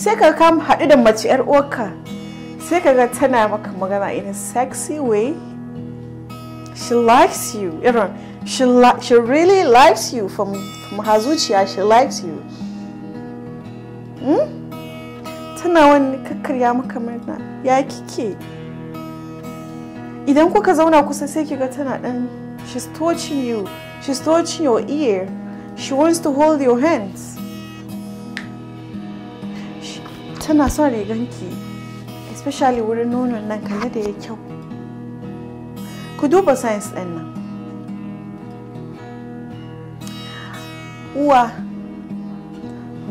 sai ka kam haɗu da mace 'yar uwarka sai ka ga tana maka magana in a sexy way she likes you irin she, li she really likes you from, from her zuciya she likes you hmm? tana wani kakkarya maka murna ya kike idan kuka zauna kusa sai kiga tana ɗan she's touching you she's touching your ear she wants to hold your hands tana son riganki especially wurin nonon nan kalli da ya kyau ku duba science ɗin nan uwa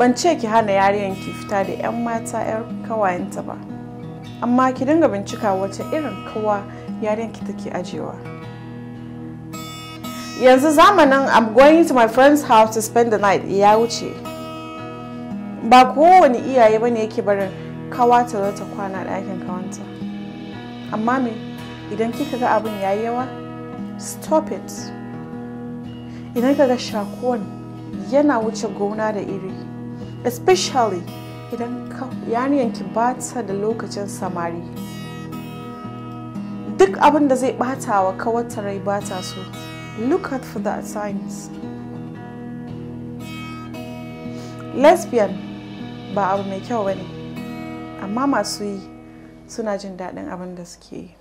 ban ce ki hana ki fita da 'yan mata 'yar kawayenta ba amma ki dinga bincika wace irin kawa ki take ajewa yanzu zamanin i'm going to my friend's house to spend the night ya wuce ba kowane iyaye ba ne yake barin kawa ta ta kwana ɗakin kawanta amma me idan kika ga abin ya yi yawa stop it idan ka ga shakuwan yana wuce gona da iri especially idan yanki ba ta da lokacin samari duk abin da zai bata wa kawata rai bata so look out for that signs lesbian ba abu mai kyau bane amma masu yi suna jin daɗin abin da suke yi